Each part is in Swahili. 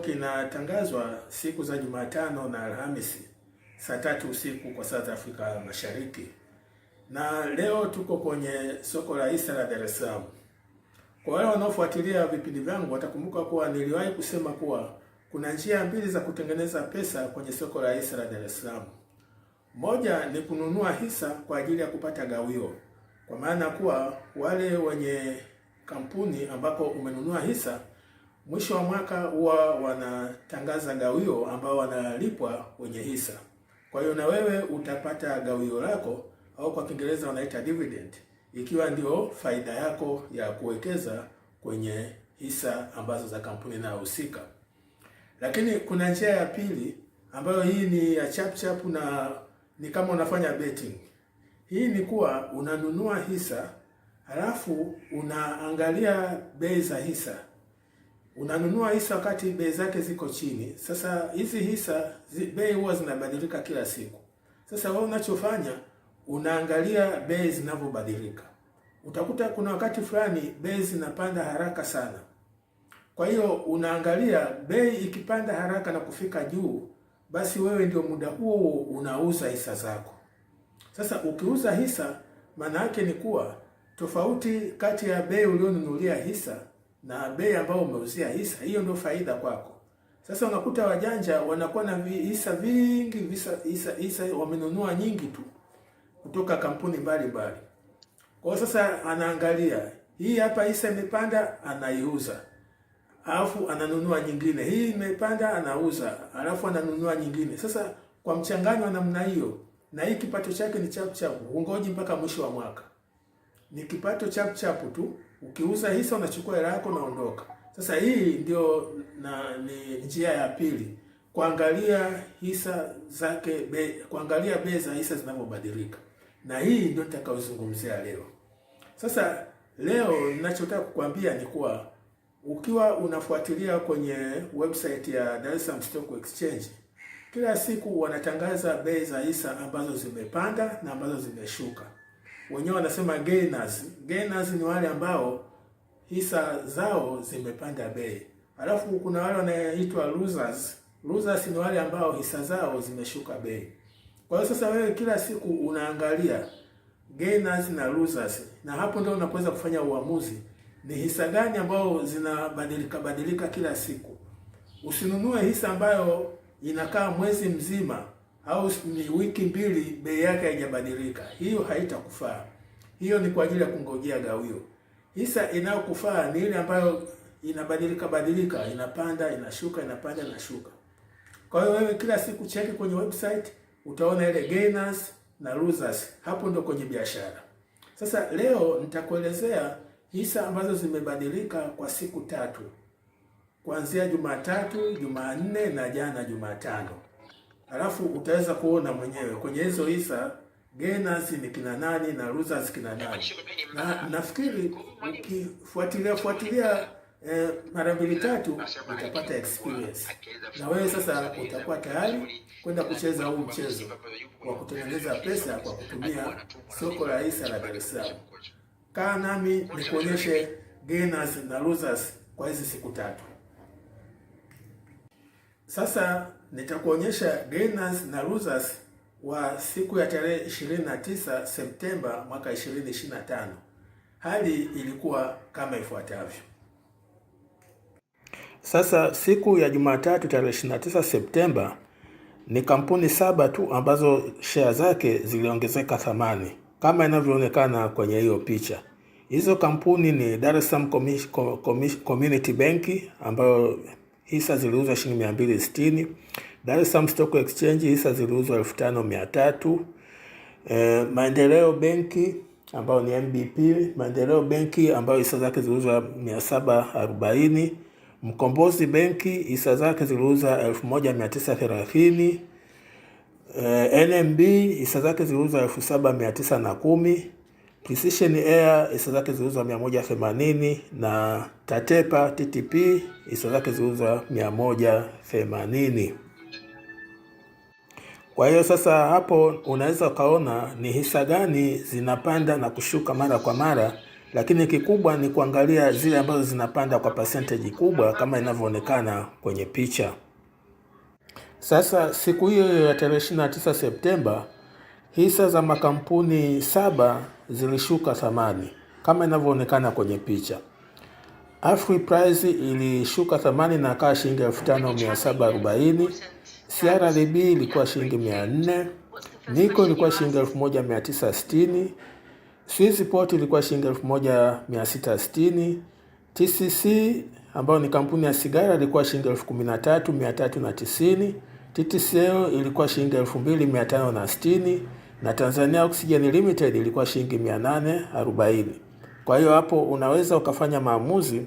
kinatangazwa siku za Jumatano na Alhamisi saa tatu usiku kwa saa za Afrika Mashariki, na leo tuko kwenye soko la hisa la Dar es Salaam. Kwa wale wanaofuatilia vipindi vyangu watakumbuka kuwa niliwahi kusema kuwa kuna njia mbili za kutengeneza pesa kwenye soko la hisa la Dar es Salaam. Moja ni kununua hisa kwa ajili ya kupata gawio, kwa maana kuwa wale wenye kampuni ambapo umenunua hisa mwisho wa mwaka huwa wanatangaza gawio ambao wanalipwa wenye hisa. Kwa hiyo na wewe utapata gawio lako au kwa Kiingereza wanaita dividend, ikiwa ndio faida yako ya kuwekeza kwenye hisa ambazo za kampuni inayohusika. Lakini kuna njia ya pili ambayo hii ni ya chap chap na ni kama unafanya betting. Hii ni kuwa unanunua hisa halafu unaangalia bei za hisa unanunua hisa wakati bei zake ziko chini. Sasa hizi hisa bei huwa zinabadilika kila siku. Sasa wewe unachofanya unaangalia bei zinavyobadilika. Utakuta kuna wakati fulani bei zinapanda haraka sana, kwa hiyo unaangalia bei ikipanda haraka na kufika juu, basi wewe ndio muda huo unauza hisa zako. Sasa ukiuza hisa, maana yake ni kuwa tofauti kati ya bei ulionunulia hisa na bei ambayo umeuzia hisa, hiyo ndio faida kwako. Sasa unakuta wajanja wanakuwa na hisa vingi, hisa hisa, hisa wamenunua nyingi tu kutoka kampuni mbalimbali. Kwa sasa anaangalia hii hapa hisa imepanda, anaiuza alafu ananunua nyingine. Hii imepanda, anauza alafu ananunua nyingine. Sasa kwa mchanganyo wa namna hiyo, na hii kipato chake ni chapu chapu, ungoji mpaka mwisho wa mwaka, ni kipato chapu chapu tu. Ukiuza hisa unachukua hela yako naondoka. Sasa hii ndio na ni njia ya pili, kuangalia hisa zake be, kuangalia bei za hisa zinavyobadilika, na hii ndio nitakayozungumzia leo. Sasa leo ninachotaka kukwambia ni kuwa ukiwa unafuatilia kwenye website ya Dar es Salaam Stock Exchange kila siku wanatangaza bei za hisa ambazo zimepanda na ambazo zimeshuka wenyewe wanasema gainers. Gainers ni wale ambao hisa zao zimepanda bei, alafu kuna wale wanaitwa losers. Losers ni wale ambao hisa zao zimeshuka bei. Kwa hiyo sasa wewe kila siku unaangalia gainers na losers, na hapo ndio unaweza kufanya uamuzi ni hisa gani ambayo zinabadilika badilika kila siku. Usinunue hisa ambayo inakaa mwezi mzima au ni wiki mbili, bei yake haijabadilika, hiyo haitakufaa. Hiyo ni kwa ajili ya kungojea gawio. Hisa inayokufaa ni ile ambayo inabadilika badilika, inapanda inashuka, inapanda inashuka. Kwa hiyo wewe kila siku cheki kwenye website, utaona ile gainers na losers, hapo ndo kwenye biashara. Sasa leo nitakuelezea hisa ambazo zimebadilika kwa siku tatu kuanzia Jumatatu, Jumanne na jana Jumatano alafu utaweza kuona mwenyewe kwenye hizo hisa gainers ni kina nani na losers kina nani, na nafikiri ukifuatilia fuatilia eh, mara mbili tatu utapata experience, na wewe sasa utakuwa tayari kwenda kucheza huu mchezo wa kutengeneza pesa kwa kutumia soko la hisa la Dar es Salaam. Kaa nami nikuonyeshe gainers na losers kwa hizi siku tatu sasa nitakuonyesha gainers na losers wa siku ya tarehe 29 Septemba mwaka 2025. Hali ilikuwa kama ifuatavyo. Sasa siku ya Jumatatu tarehe 29 Septemba ni kampuni saba tu ambazo share zake ziliongezeka thamani kama inavyoonekana kwenye hiyo picha. Hizo kampuni ni Dar es Salaam Community Bank ambayo hisa ziliuzwa shilingi mia mbili sitini. Dar es Salaam Stock Exchange hisa ziliuzwa elfu tano mia tatu. E, Maendeleo Benki ambayo ni MBP, Maendeleo Benki ambayo hisa zake ziliuzwa mia saba arobaini. Mkombozi Benki hisa zake ziliuzwa elfu moja mia tisa thelathini. E, eh, NMB hisa zake ziliuzwa elfu saba mia tisa na kumi. Precision Air hisa zake ziliuzwa 180 na Tatepa TTP hisa zake ziliuzwa 180. Kwa hiyo sasa hapo unaweza ukaona ni hisa gani zinapanda na kushuka mara kwa mara, lakini kikubwa ni kuangalia zile ambazo zinapanda kwa percentage kubwa kama inavyoonekana kwenye picha. Sasa siku hiyo ya tarehe 29 Septemba hisa za makampuni saba zilishuka thamani kama inavyoonekana kwenye picha. Afri Price ilishuka thamani na kaa shilingi 5740, CRDB ilikuwa shilingi 400, Nico ilikuwa shilingi 1960, Swissport ilikuwa shilingi 1660, TCC ambayo ni kampuni ya sigara ilikuwa shilingi 13390, TTCL ilikuwa shilingi 2560 na Tanzania Oxygen Limited ilikuwa shilingi 840. Kwa hiyo hapo unaweza ukafanya maamuzi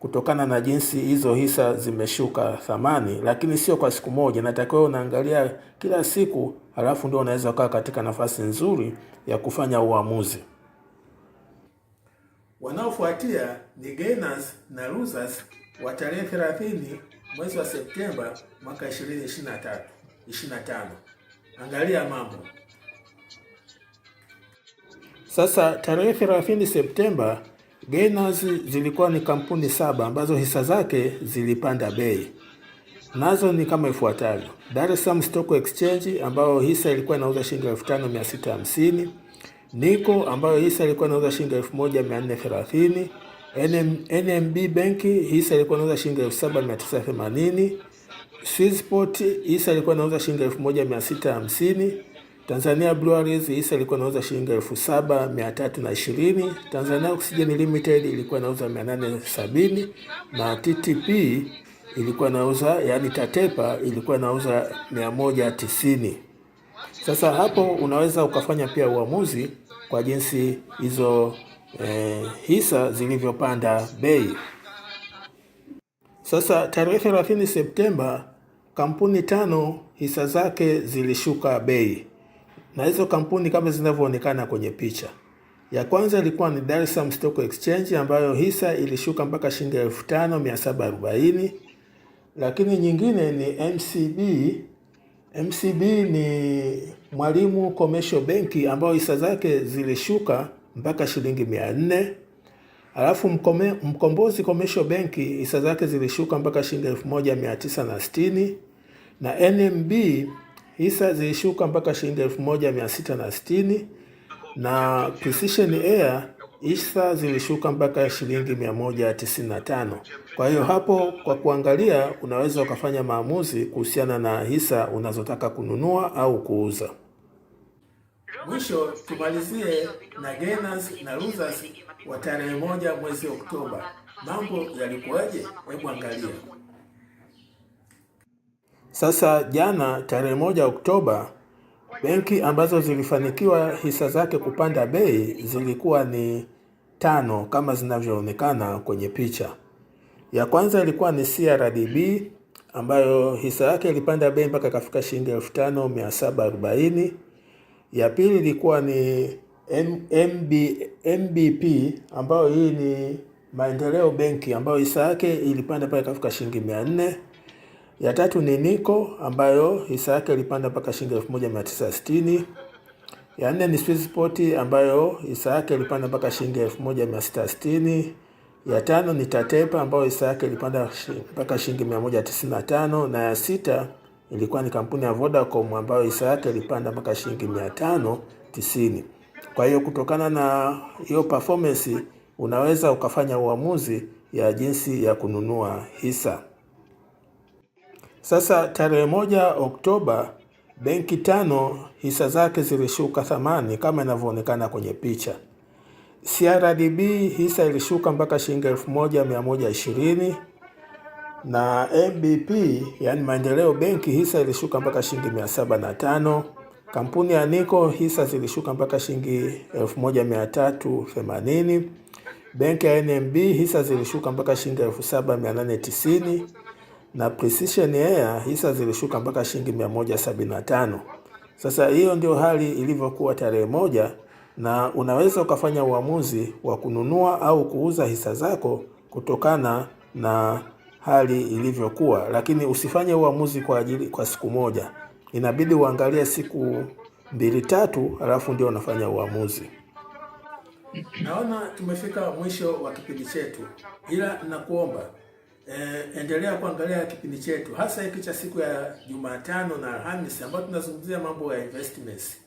kutokana na jinsi hizo hisa zimeshuka thamani, lakini sio kwa siku moja. Natakiwa unaangalia kila siku, halafu ndio unaweza ukawa katika nafasi nzuri ya kufanya uamuzi. Wanaofuatia ni gainers na losers wa tarehe 30 mwezi wa Septemba mwaka 25 Angalia mambo sasa tarehe 30 Septemba, gainers zilikuwa ni kampuni saba ambazo hisa zake zilipanda bei, nazo ni kama ifuatavyo: Dar es Salaam Stock Exchange ambayo hisa ilikuwa inauza shilingi 5650 Niko ambayo hisa ilikuwa inauza shilingi 1430 NM, NMB benki hisa ilikuwa inauza shilingi 7980 Swissport hisa ilikuwa inauza shilingi 1650 Tanzania Blue Walls hisa ilikuwa inauza shilingi elfu saba mia tatu na ishirini. Tanzania Oxygen Limited ilikuwa inauza mia nane sabini na TTP ilikuwa inauza yani Tatepa ilikuwa inauza mia moja tisini. Sasa hapo unaweza ukafanya pia uamuzi kwa jinsi hizo eh, hisa zilivyopanda bei. Sasa tarehe 30 Septemba kampuni tano hisa zake zilishuka bei na hizo kampuni kama zinavyoonekana kwenye picha. Ya kwanza ilikuwa ni Dar es Salaam Stock Exchange ambayo hisa ilishuka mpaka shilingi 5740 lakini nyingine ni MCB. MCB ni Mwalimu Commercial Bank ambayo hisa zake zilishuka mpaka shilingi nne Alafu Mkome, Mkombozi Commercial Bank hisa zake zilishuka mpaka shilingi 1960 na NMB hisa zilishuka mpaka shilingi elfu moja mia sita na sitini na Precision Air hisa zilishuka mpaka shilingi 195 tano. Kwa hiyo hapo, kwa kuangalia, unaweza ukafanya maamuzi kuhusiana na hisa unazotaka kununua au kuuza. Mwisho tumalizie na gainers na losers wa tarehe moja mwezi Oktoba. Mambo yalikuwaje? Hebu angalia. Sasa jana tarehe moja Oktoba, benki ambazo zilifanikiwa hisa zake kupanda bei zilikuwa ni tano kama zinavyoonekana kwenye picha. Ya kwanza ilikuwa ni CRDB ambayo hisa yake ilipanda bei mpaka ikafika shilingi elfu tano mia saba arobaini. Ya pili ilikuwa ni MB, MBP ambayo hii ni Maendeleo Benki ambayo hisa yake ilipanda mpaka ikafika shilingi mia nne ya tatu ni Niko ambayo hisa yake ilipanda mpaka shilingi 1960. Ya nne ni Swissport ambayo hisa yake ilipanda mpaka shilingi 1660. Ya tano ni Tatepa ambayo hisa yake ilipanda mpaka shilingi 195 na ya sita ilikuwa ni kampuni ya Vodacom ambayo hisa yake ilipanda mpaka shilingi 590. Kwa hiyo kutokana na hiyo performance unaweza ukafanya uamuzi ya jinsi ya kununua hisa. Sasa tarehe moja Oktoba benki tano hisa zake zilishuka thamani kama inavyoonekana kwenye picha. CRDB hisa ilishuka mpaka shilingi 1120 na MBP yani Maendeleo Benki hisa ilishuka mpaka shilingi 705. Kampuni ya Nico hisa zilishuka mpaka shilingi 1380. Benki ya NMB hisa zilishuka mpaka shilingi 7890 na Precision Air hisa zilishuka mpaka shilingi 175. Sasa hiyo ndio hali ilivyokuwa tarehe moja, na unaweza ukafanya uamuzi wa kununua au kuuza hisa zako kutokana na hali ilivyokuwa, lakini usifanye uamuzi kwa ajili kwa siku moja, inabidi uangalie siku mbili tatu, alafu ndio unafanya uamuzi. Naona tumefika mwisho wa kipindi chetu, ila nakuomba Eh, endelea kuangalia kipindi chetu hasa hiki cha siku ya Jumatano na Alhamisi ambapo tunazungumzia mambo ya investments,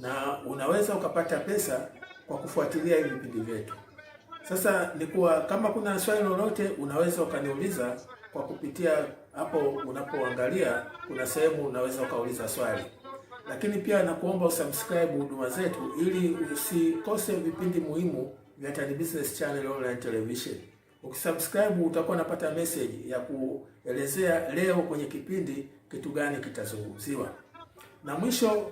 na unaweza ukapata pesa kwa kufuatilia hivi vipindi vyetu. Sasa ni kuwa kama kuna swali lolote unaweza ukaniuliza kwa kupitia hapo unapoangalia, kuna sehemu unaweza ukauliza swali, lakini pia nakuomba usubscribe huduma zetu ili usikose vipindi muhimu vya Tan Business Channel Online Television. Ukisubscribe utakuwa unapata message ya kuelezea leo kwenye kipindi kitu gani kitazungumziwa. Na mwisho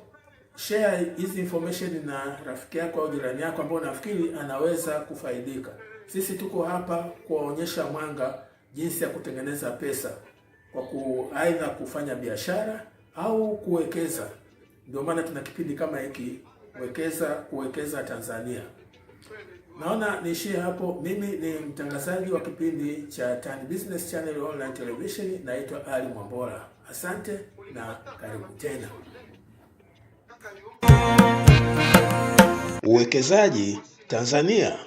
share hizi information na rafiki yako au jirani yako ambaye unafikiri anaweza kufaidika. Sisi tuko hapa kuwaonyesha mwanga jinsi ya kutengeneza pesa kwa ku aidha kufanya biashara au kuwekeza. Ndio maana tuna kipindi kama hiki, wekeza kuwekeza Tanzania. Naona niishie hapo. Mimi ni mtangazaji wa kipindi cha Tan Business Channel Online Television, naitwa Ali Mwambola. Asante na karibu tena. Uwekezaji Tanzania.